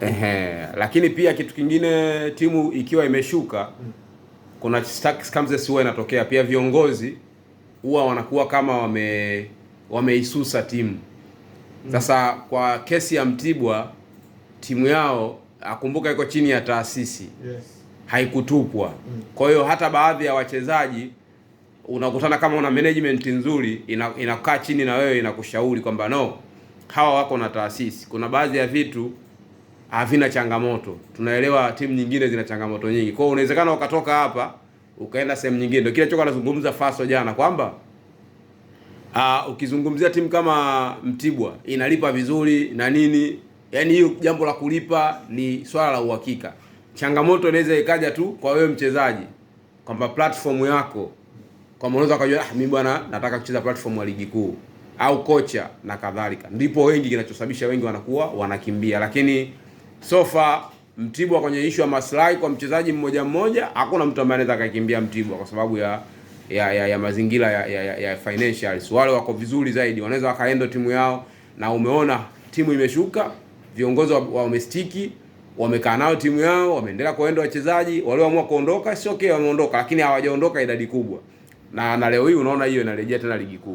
Ehe, lakini pia kitu kingine, timu ikiwa imeshuka, kuna circumstances huwa inatokea pia, viongozi huwa wanakuwa kama wame wameisusa timu. Sasa kwa kesi ya Mtibwa, timu yao akumbuka iko chini ya taasisi yes, haikutupwa. Mm. Kwa hiyo hata baadhi ya wachezaji unakutana kama una management nzuri, inakaa chini na wewe inakushauri kwamba no, hawa wako na taasisi, kuna baadhi ya vitu havina changamoto. Tunaelewa timu nyingine zina changamoto nyingi, kwa hiyo unawezekana ukatoka hapa ukaenda sehemu nyingine. Ndio kile choka anazungumza Faso jana kwamba uh, ukizungumzia timu kama Mtibwa inalipa vizuri na nini, yaani hiyo jambo la kulipa ni swala la uhakika. Changamoto inaweza ikaja tu kwa wewe mchezaji kwamba platform yako kwa mwanzo akajua, ah, mimi bwana nataka kucheza platform ya ligi kuu au kocha na kadhalika, ndipo wengi kinachosababisha wengi wanakuwa wanakimbia, lakini So far Mtibwa kwenye ishu ya maslahi kwa mchezaji mmoja mmoja, hakuna mtu ambaye anaweza akakimbia Mtibwa kwa sababu ya ya, ya, ya mazingira ya, ya, ya financials. Wale wako vizuri zaidi wanaweza wakaenda timu yao, na umeona timu imeshuka, viongozi wamestiki wa wamekaa nao timu yao, wameendelea kuenda wachezaji walioamua kuondoka, sio okay, wameondoka, lakini hawajaondoka idadi kubwa, na na leo hii unaona hiyo inarejea tena ligi kuu.